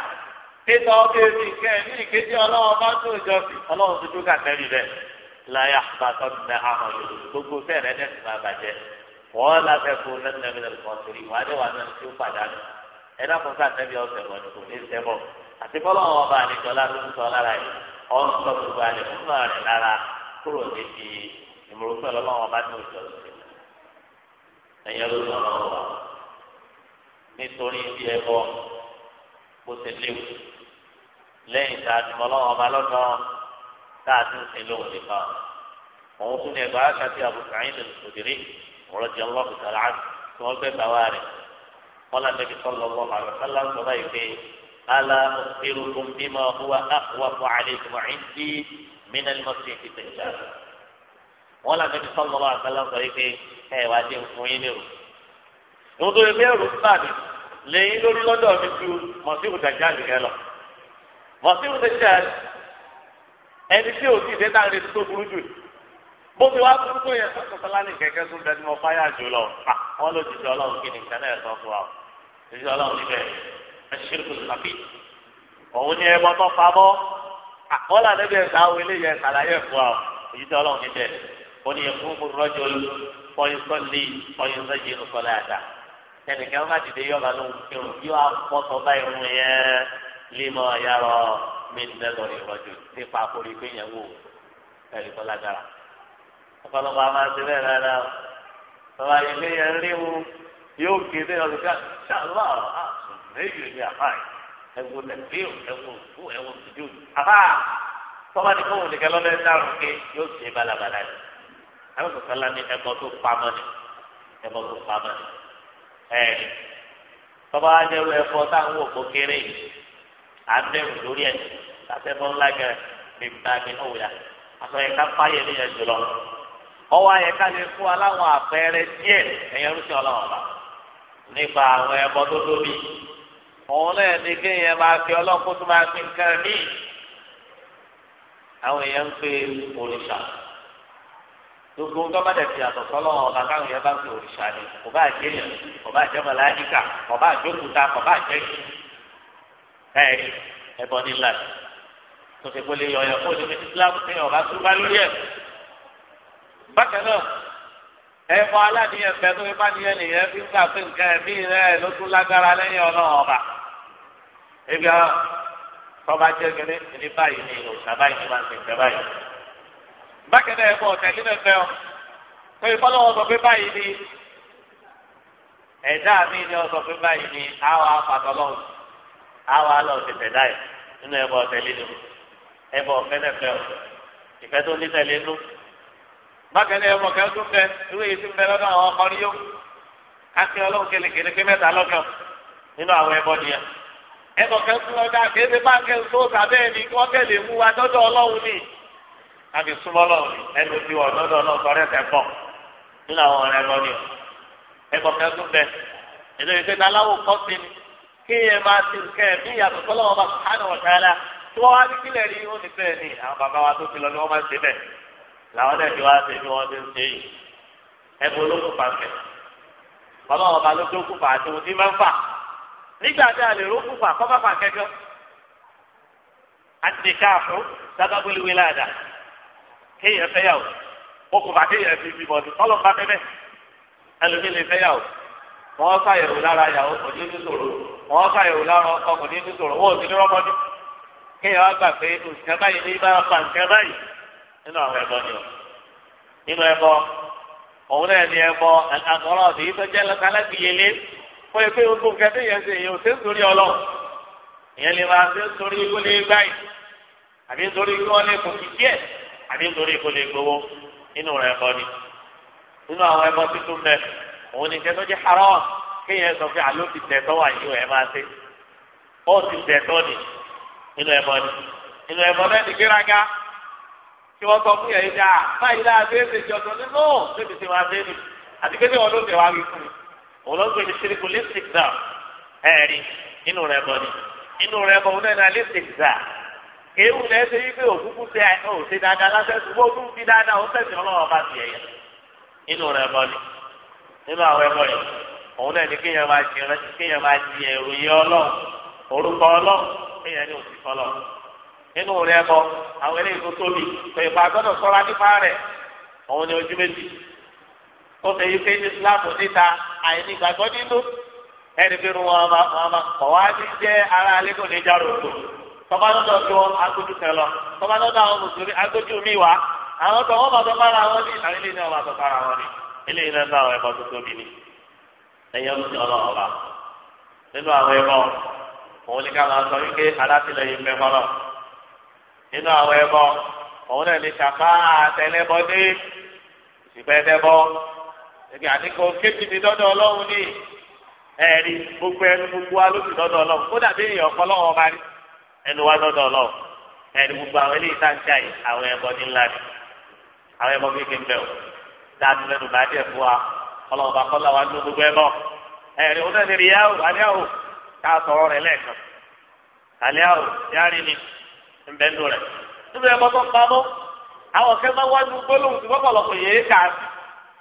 S1: pété ọbẹ̀ mi kẹ́ ní gbogbo bẹ́ẹ̀ rẹ̀ dẹ́sìn máa bàjẹ́ wọ́n láfẹ́ kó nẹ́nà mi lọ́dún kan torí wọ́n adé wà náà tí ó pàdánù ẹ fún sáà tẹ́bi ọ̀sẹ̀ bọ̀ ní kò ní sẹ́bọ̀ àti bọ́lá wọn bá àlejò alárùn sọ lára yìí ọ̀n sọ gbogbo àlẹ́ fún náà rẹ̀ lára kúrò níbi ìmọ̀lùfẹ́ ọlọ́wọ́n bá ní òjò ọ̀sẹ̀ lẹ́yìn tá a ti mọ ọlọ́wọ́n bá lọ́dọ̀ tá a ti ń sin lóhùn nìkan òun tún ní ẹgbàá kàtí àbùkù àyìn lè rọ̀jì ọlọ́ọ̀bù sàrà tí wọ́n fẹ́ bàwá rẹ̀ wọ́n lànàbí sọ́lọ́ lọ́wọ́ àrùn sálá ń sọ báyìí pé ala ukhbirukum bima huwa akhwafu alaykum 'indi min al-masih ad-dajjal wọ́n lànàbí sọ́lọ́ lọ́wọ́ àrùn sálá ń sọ yìí pé ẹ wá dé fún yín nírò ìwọ́n tó yẹ pé ẹrù sáàdì lẹ́yìn lórí lọ́dọ̀ mi ju masih ad-dajjal nìkan lọ masih ad ẹni tí ò bó ti wá burúkú yẹn sọ́kọ̀tọ́lá ní kẹ̀kẹ́ tó bẹ́ẹ̀ ni mo fáyà jù lọ ah, wọn ló ti sọ ọlọ́run kí ni nǹkan náà sọ fún wa o ti sọ ọlọ́run níbẹ̀ ẹ ṣe kò sàbí òun ni ẹbọ tó fa bọ́ ah, wọn là níbi ẹ̀ka àwọn eléyẹ ṣàlàyé fún wa o èyí tí ọlọ́run níbẹ̀ ó ní ẹkún fún rọ́jò ọyún sọ́lé ọyún sọ́jì ń sọ láàdá ẹnìkan má dìde yọba ló ń kírun bí wàá pọ́tọ́ báyìí wọn yẹn yẹn wò ẹ̀rí ọ̀pọ̀lọpọ̀ àwọn àti bẹ́ẹ̀ rárá o bàbá ilé yẹn léwu yóò kéde ọdún ká ṣàlọ́ méjì ní àfáì ẹ̀wù lẹ́gbẹ̀ẹ́ ẹ̀wù òkú ẹ̀wù ìdíjú àfá tọ́ba ní kóhùn nìkan lọ́dẹ dárùn ké yóò ṣe balabala ni àwọn sọ̀tàlá ní ẹ̀bọ tó pamọ́ ni ẹ̀bọ tó pamọ́ ni ẹ̀ tọ́ba á jẹ́ ẹ̀fọ́ táwọn òkú kéré yìí à ń bẹ̀rù lórí ẹ̀ tàbí ẹ̀fọ́ ńlá gẹ̀rẹ̀ bíbá mi ọ̀wùyà àtọ̀ ẹ̀ká fáyẹ̀ níyẹn jùlọ ọwọ́ ayẹ ká lè fún wa láwọn àpẹẹrẹ díẹ̀ ẹ̀yẹ rúṣin ọlọ́run ọba nípa àwọn ẹbọ tó tóbi òun náà ní kéèyàn máa fi ọlọ́run kó tó máa fi nǹkan mí àwọn èèyàn ń pe òrìṣà gbogbo ń tọ́ba dẹ̀ fi àtọ̀ sọ́lọ́ ọba káwọn èèyàn bá ń pe òrìṣà ni kò bá jẹ́ yẹn kò bá jẹ́ mọ̀láyíkà kò bá jókòóta kò bá jẹ́ kí ẹ̀ẹ́dì ẹbọ nílá tó ti gbólé yọ̀ọ̀yọ̀ kó o ti fi bákan náà ẹ̀fọ́ aládìyẹn fẹ́ tó fi bá nìyẹn nìyẹn fi ń gbà pé nǹkan ẹ̀mí ló tún lágbára ọba. ebi ọ tọ́ba jẹ́ gẹ́gẹ́ ní báyìí ni òòṣà báyìí ni máa ń sèǹtẹ̀ báyìí. bákan náà ẹ̀fọ́ ọ̀tẹ̀ nínú ẹ̀fẹ́ ọ pé ìfọlọ́wọ́ sọ pé báyìí ni ẹ̀dá mi ni ọ sọ pé báyìí ni àwa pàtọ́lọ́ọ̀ àwa lọ sí yìí nínú nínú bákẹ́lẹ́ ẹ̀mọ́ kẹ́ tó bẹ irú èyí tó bẹ lọ́dọ̀ àwọn ọkọrin yó kákẹ́ ọlọ́run kélekèlé pé mẹ́ta lọ́kàn nínú àwọn ẹbọ nìyẹn ẹbọ kẹ́ tó lọ́dọ̀ àkéde bákẹ́ tó sàbẹ́ mi kí wọ́n kẹ́lẹ̀ mú wa dọ́dọ̀ ọlọ́run ni àfi súnmọ́ ọlọ́run ni ẹnu ti wọ̀ dọ́dọ̀ ọlọ́run sọ̀rọ̀ ẹ̀sẹ̀ pọ̀ nínú àwọn ọ̀rẹ́ ẹbọ nìyẹn ẹbọ kẹ́ tó bẹ ẹlẹ́yìn pé làwọn ẹ̀dí wá ṣe bí wọ́n ti ń ṣe olókùn ọba ló tó kùfà àti ohun tí máa ń fà nígbà tí a lè ró kùfà kọ́ bá pàǹkẹ́ gan àti káàfó kéèyàn fẹ́yàwó kéèyàn fi bímọ ẹlòmí lè fẹ́yàwó wọ́n lára yàwó kò ní wọ́n lára kò ní wọ́n ò ní rọ́mọdún kéèyàn wá gbà pé òṣìṣẹ́ báyìí ní bá nínú àwọn ẹbọ ni o nínú ẹbọ òun náà ní ẹbọ àgọrọ ọdún yìí tó jẹ lọta láti yẹlé kó o pé gbogbo nǹkan tó yẹn ṣe èyàn ò sí nítorí ọlọ ìyẹn lè máa ṣe nítorí ikú lè gbáyì àbí nítorí ikú lè kò kì díẹ̀ àbí nítorí ikú lè gbowó nínú rẹ ẹbọ ni nínú àwọn ẹbọ tuntun mẹ òun ní ìṣẹ́ tó jẹ́ haram kéèyàn sọ pé àló ti tẹ̀ tọ́ wà yìí ò ẹ máa ṣe ó ti tẹ̀ ni nínú ẹbọ ni nínú ẹbọ bẹ́ẹ̀ ni gbéraga tí wọ́n sọ fún yẹn yìí dáa ah, báyìí láàbí ẹsẹ ìjọ tó ní nù lébi tí wàá bẹ́ẹ̀ ni àti pé wọn ló ń tẹ̀wá wí fún mi òun ló ń gbèmí síríkù lipstick dà ẹ̀rí inú rẹ̀ bọ̀ ni inú rẹ̀ bọ̀ òun náà lipstick dà ewu lẹ́ ṣe yí pé òkúkú ṣe ò ṣe dáadáa lásẹ̀ ṣùgbọ́n òkú fi dáadáa ó tẹ̀sí ọlọ́wọ́ bá ti ẹ̀yẹ inú rẹ̀ bọ̀ ni nínú àwọn ẹ̀bọ̀ rẹ̀ òun náà ni kéèyàn máa ṣe kéèyàn máa di ẹ̀rù yẹ ọlọ́run orúkọ ọlọ́run kéèyàn ní òsì fọlọ́run nínú rẹ bọ àwọn eléyìí tó tóbi pèpè àgbọ́dọ̀ ṣọ́ra nípa rẹ̀ àwọn ni ojú méjì ó fẹ́ yí pé islam níta a máa kọ̀ wá ní jẹ́ ara alẹ́kùn rògbò tọ́ba lọ́dọ̀ agbójú lọ tọ́ba lọ́dọ̀ àwọn mùsùlùmí agbójú mi wá àwọn tó wọ́n máa tọ́ bára wọn ní wọn ní eléyìí náà àwọn ẹ̀kọ́ tó tóbi ọba nínú àwọn ẹbọ òun náà lè ṣàpá àtẹlẹbọ dé ìsìnkpẹdẹbọ ebi àdínkù kéjì mi dọdọ Ọlọ́run ní ẹẹri gbogbo ẹnu gbogbo wa ló ti dọdọ Ọlọ́run kó dàbí èèyàn ọpọlọwọ ọba rí ẹnu wa dọdọ Ọlọ́run ẹẹri gbogbo àwọn eléyìí tá n ṣe àyè àwọn ẹbọ ní ńlá ni àwọn ẹbọ kéèké ń bẹ o dáadé lẹnu bá díẹ̀ fún wa Ọlọ́run bá kọlá wa ní gbogbo ẹbọ ẹẹri òun náà ní ríyáwó àníyáwó ká sọ̀rọ̀ rẹ ńbẹ nù rẹ níbi ẹ kọtọ pamọ́ àwọn kẹ máa wájú gbólóhùn tí wọ́pọ̀ lọ́kọ̀ yéé kà á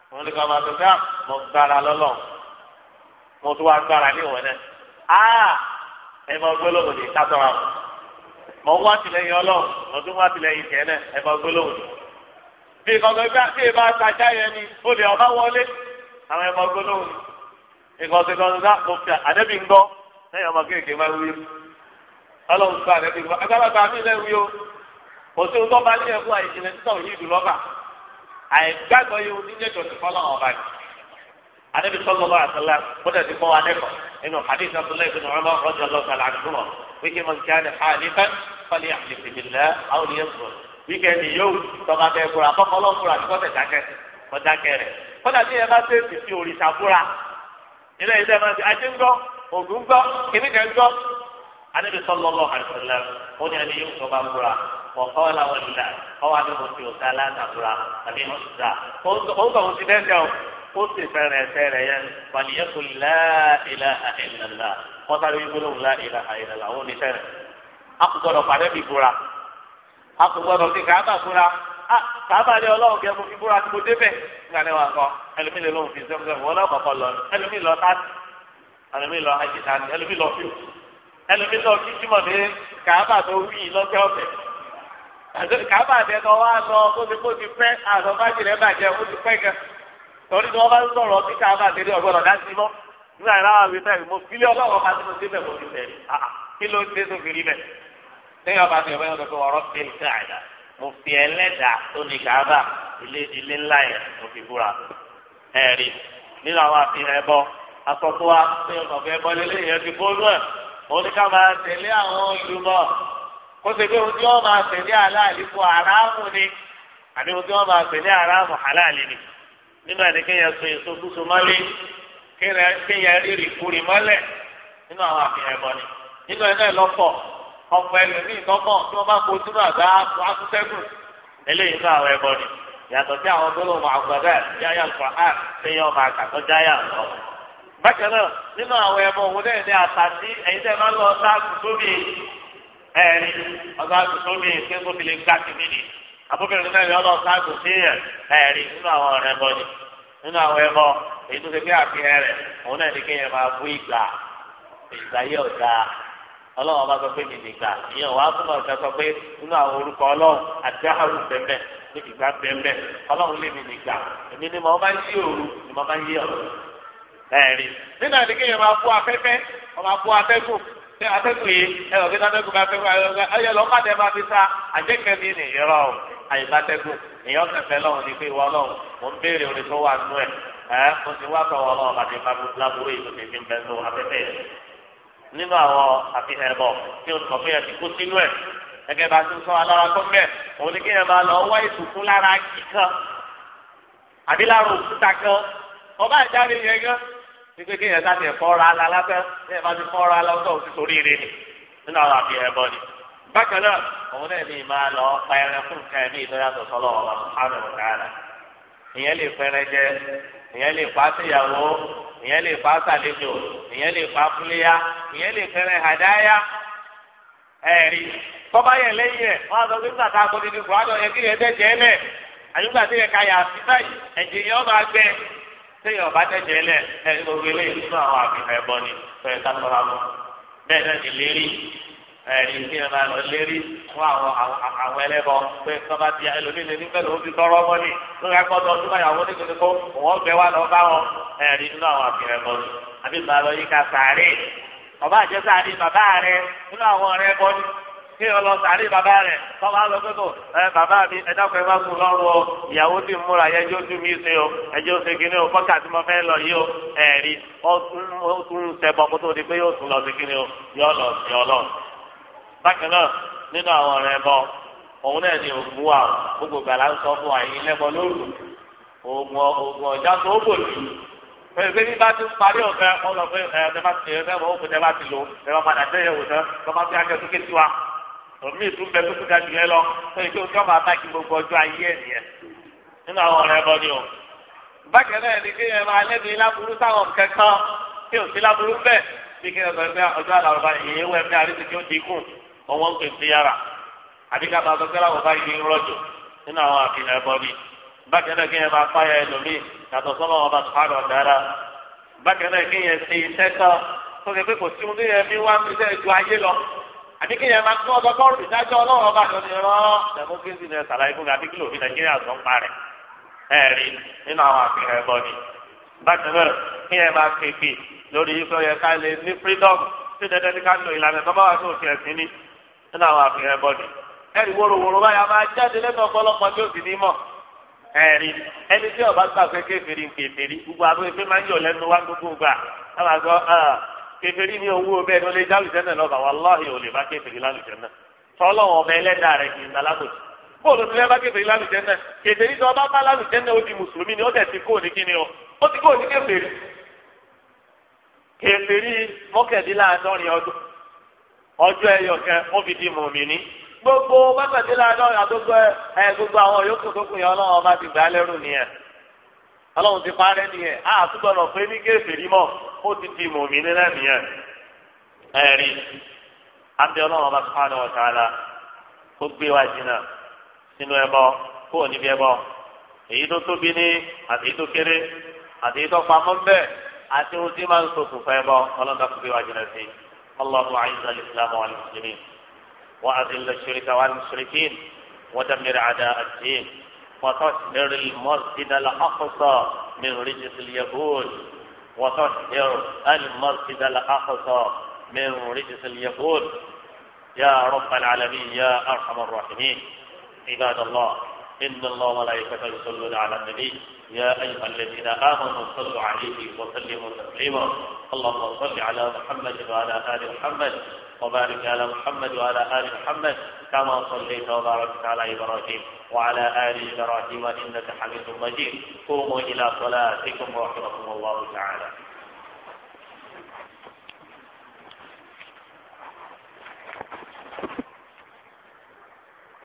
S1: sí wọn ní ká máa tó fẹ́ mọ gbára lọ́lọ́ mo tún wá gbára ní ìwọ̀n náà á ẹ máa gbólóhùn ní kátọ́ra mọ wá tìlẹ́yìn ọlọ́run ọdún wá tìlẹ́yìn tiẹ̀ náà ẹ máa gbólóhùn bí kọ̀ọ̀kan bí àti ìbá sàjá yẹn ni olè ọba wọlé àwọn ẹ máa gbólóhùn ní kọ̀ọ̀kan bí àti ìbá sàjá yẹn ni ọlọ́run gba rẹ̀ bí wọ́n agbábàgbà mi lẹ́rú yó kò sí ọtọ́ bá nílẹ̀ fún àìjìnlẹ̀ títà òyìn ìlú lọ́ba àìgbàgbọ́ yóò níjẹ́ jọ̀sìn fọlọ́ ọba ni. anabi sọlọ lọ àtàlà kódà ti kọ́ wa lẹ́kọ̀ọ́ inú hadith abdullahi bin umar rọjò lọ sàlà àdúrà wíkì man kí a halifan fali àlìfẹ bìlẹ àwọn ènìyàn sọ wíkì ẹni yóò tọba bẹ́ẹ̀ kura kọkọ lọ kura kí kọtẹ dákẹ́ kọdákẹ rẹ kódà tí ẹ bá ṣe fìfì òrìṣà kura ilé iṣẹ́ máa ti àti ń gbọ́ ògùn gbọ́ kìnnìkan gbọ́ anabi sọlọlọ àdìsẹlẹ ó ní ẹni yóò sọba búra ọkọ làwọn ìlà ọwọ àdìmọ tí o ta lánàá búra àbí mo ti ta ó ń gbàgbọ́ ti dẹ́sẹ̀ o ó sì fẹ́rẹ̀ ẹsẹ̀ rẹ̀ yẹn wàlíyẹ kò láìlà àìlàlà wọ́n sáré wí gbólóhùn láìlà àìlàlà ó ní fẹ́rẹ̀ akùgbọ́dọ̀ pàdé mi búra akùgbọ́dọ̀ ti kàábà búra kàábà lé ọlọ́run kẹ́ mo fi búra tí mo débẹ̀ nígbàdàn wà kọ ẹlòmí lè lóhùn fi sẹ́kùsẹ́kù wọ́n lọ́kọ̀ọ́kọ́ lọ ẹlòmí lọ tá ẹlòmí lọ ẹlòmí lọ kí ní kàábà tó wí yìí ọ̀fẹ́ kàábà tẹ tọ́ wá lọ tó ti kó ti pẹ́ àtọ́fájì rẹ̀ bàjẹ́ ó ti pẹ́ gan torí ni wọ́n bá sọ̀rọ̀ kí kàábà tẹ ní ọgbọ́dọ̀ dá sí mọ́ nígbà yẹn láwọn àgbẹ̀fẹ́ mo fi lé ọlọ́wọ́ ká tó dé bẹ̀ mo ti tẹ̀ kí ló dé tó fi rí bẹ̀ lẹ́yìn ọba tẹ̀ bẹ́ẹ̀ lọ́dọ̀ ọ̀rọ̀ tẹ̀ ká àdá mo fi ẹlẹ́dàá tó ní kàábà ilé ńlá yẹn mo fi búra ẹ̀rí nínú àwọn àfihàn ẹbọ òun ká máa tẹ̀lé àwọn olùmọ̀ kó ṣe pé ohun tí wọ́n máa tẹ̀lé aláàlí fún aráàmù ni àbí ohun tí wọ́n máa tẹ̀lé aráàmù aláàlí ni nínú ẹni kéèyàn so èso kúso mọ́lé kéèyàn rírì kúrì mọ́lẹ̀ nínú àwọn àfihàn ẹ̀bọ ni nínú ẹ̀ náà lọ́pọ̀ ọ̀pọ̀ ẹlòmíì tọ́kàn tí wọ́n bá kó sínú àgbá akúṣẹ́gùn eléyìí nínú àwọn ẹ̀bọ ni yàtọ̀ sí àwọn gbólóhùn bákan náà nínú àwọn ẹbọ òun náà ní àtàtì ẹ̀yin tẹ́ máa ń lọ ọ̀tá àgùntòmí ẹ̀rí ọ̀tá àgùntòmí ṣé kó fi lè gbà kìíní ni àbúkẹ́rẹ́ náà ní ọlọ́ọ̀tá àgùntòmí nínú àwọn ọ̀rẹ́ ni nínú àwọn ẹbọ èyí tó ṣe pé àfihàn rẹ̀ òun náà ní kéèyàn máa bú ìgbà ìgbà yẹ ọ̀dà ọlọ́run bá sọ pé mi nìgbà ìyẹn wàá sọ pé nínú àwọn orúkọ ọlọ́run àti àrùn bẹ́ẹ̀ níbi ìgbà bẹ́ẹ̀ ọlọ́run mi nìgbà èmi ni mo ń yí òru ni mo ń yí ọ̀rọ̀ ẹ̀rí nínú àdìgẹ́ yẹn máa bú afẹ́fẹ́ ọmọ abú atẹ́gùn ṣé atẹ́gùn yìí ẹ lọ́ọ́ fi atẹ́gùn bá fẹ́fẹ́ ayé lọ́kàdé máa fi sa àjẹkẹ́mi ní ìrọ̀ o àyíká atẹ́gùn èèyàn kẹfẹ́ lọ́hùn ní pé ìwọ lọ́hùn mo ń béèrè orin tó wà nú ẹ̀ ẹ́ mo ti wá sọ̀rọ̀ lọ́hùn láti bá lábúrò ìlú tèmi ń bẹ nù afẹ́fẹ́ yẹn nínú àwọn àfihàn ẹ̀bọ̀ tí o sọ fún yẹn ti kó sínú ẹ̀ gẹ́gẹ́ bá ti sọ alára tó mẹ́ òun ni kéèyàn máa lọ wá ìtùkún lára kíkan àbí lára òkúta kan ọba ìjáde yẹn gan wípé kéèyàn sáfì ẹ̀fọ́ra ala lápẹ́ ní ẹ̀fọ́ ti fọ́ra ala ọ̀tọ̀ òsì sórí ire ni nínú àwọn àbí ẹ̀bọ ni. bákan náà òun náà ní ìmáa lọ pa ẹran fún nǹkan ẹ̀mí ìtọ́yàtọ̀ sọ́lọ́ ọ̀la sùhánù ọ̀tàlà. ìyẹn lè fẹ́rẹ́ jẹ ìyẹn lè pa síyàwó ìyẹn lè pa sàlejò ìyẹn lè pa fúléyà ìyẹn lè fẹ́rẹ́ hàdáyà ẹ̀rí tọ́ba yẹn lẹ́yìn ẹ̀ wọ́n téèyàn ọba tẹ̀sẹ̀ lẹ̀ ẹ̀ gbogbo eléyìí nínú àwọn àfihàn ẹ̀bọ ni fẹ́ẹ́ ká sọ́ra mọ́ náà ti lérí máa lọ lérí fún àwọn àwọn pé ti ẹlòmíì lè tọrọ ọmọ ni wọ́n ọba bàbá rẹ nínú àwọn kí ọ lọ sàárì bàbá rẹ tọ́ba lọ pé kò ẹ bàbá mi ẹ dákun ẹ bá sùn lọ́rùn o ìyàwó ti múra yẹn jó mí sí o ẹ jẹ́ oṣù o kọ́kà tí mo fẹ́ lọ yìí o ẹ̀rí ó tún sẹ́bọ̀ kó tó di pé yóò tún lọ sí kìíní o yóò lọ sí ọlọ́run. bákan náà nínú àwọn ọ̀rẹ́ bọ òun náà ni òògùn wa gbogbo gbàlá ń sọ fún wa yìí lẹ́bọ lóru òògùn ọ̀já tó bò lù pèsè bí bá ti parí ọ̀fẹ́ ọlọ́fẹ́ ẹ̀ tẹ́ bá ti tẹ̀ ẹ́ tẹ́ bá ti lò tẹ́ bá padà tẹ́ yẹ̀ wò tẹ́ bá ti akẹ́kọ̀ọ́ kékeré wa omi ìtún bẹ tó kúta jùlẹ lọ sọ èké ojú ọmọ abáàkì gbogbo ọjọ́ ayé ẹ nìyẹn nínú àwọn ọ̀rẹ́ bọ ni o. bákan náà ni kéèyàn máa lẹ́nu ìlàbúrú sáwọn nǹkan kan tí ò sí láburú bẹ́ẹ̀ bí kéèyàn sọ pé ọjọ́ àlàrúbá ìyẹn wẹ̀ mí àrísí kí ó dín kù ọwọ́ ń pè sí yàrá àbí ká máa sọ pé láwọn bá yí rọ̀jò nínú àwọn àfihàn ẹbọ ni. bákan náà kéèyàn máa fáyà ẹlòmíì yàtọ̀ sọ́mọ́ ọba sùpàdọ̀ dára bákan náà kéèyàn ṣe iṣẹ́ kan tó ṣe pé kò sí àti kí máa tún ọdọ kọrù ìdájọ́ Ọlọ́run ọba àti ọdún democracy ní ṣàlàyé fún mi àti kílò nàìjíríà tó ń parẹ́ ẹ rí nínú àwọn àfihàn ẹbọ ni bákan náà kí yẹn máa kéèké lórí yìí sọyẹ ká lè ní freedom tí dandan ní ká lo ìlànà tó bá wà sí òfin ẹ̀sìn ní nínú àwọn àfihàn ẹbọ ni ẹ rí wóróworó báyà máa jáde lẹ́nu ọ̀pọ̀lọpọ̀ tí ó sì ní mọ̀ ẹ rí ẹni tí ọba gbà pé kéferì ń kéferì gbogbo àbúrò kèfèrí ní owó bẹ́ẹ̀ ni ó lè dálùjẹ́ náà lọ́ba wàláhì ò lè bá kèfèrí lálùjẹ́ náà tọ́lọ́wọ́n ọba ẹlẹ́dà rẹ̀ kì í dalágòjì bóòlù tó fẹ́ bá bá bá ó di mùsùlùmí ni ó tẹ̀ kó ní o ó ti kó ní mọ́kẹ̀dínláàdọ́rin ọdún ọjọ́ ẹyọ ó fi di gbogbo mọ́kẹ̀dínláàdọ́rin àdógó ó ti di mòmí nílẹ̀ nìyẹn ẹ̀rí àti ọlọ́run ọba sùpàdé ọ̀tá la kó gbé wá jìnnà sínú ẹbọ kó o níbi ẹbọ èyí tó tóbi ní àti èyí tó kéré àti èyí tó pamọ́ bẹ́ẹ̀ àti ohun tí máa ń ṣokùnfà ẹbọ ọlọ́run tó gbé wá jìnnà sí Allahu aizza al-islam wa adilla ash-shirka wal wa dammir a'da' ad wa tahhir al-masjid al وتحير المسجد الأقصى من رجس اليهود يا رب العالمين يا أرحم الراحمين عباد الله إن الله وملائكته يصلون على النبي يا أيها الذين آمنوا صلوا عليه وسلموا تسليما اللهم صل على محمد وعلى آل محمد وبارك على محمد وعلى آل محمد كما صليت وباركت على إبراهيم وعلى آل إبراهيم إنك حميد مجيد قوموا إلى صلاتكم ورحمكم الله تعالى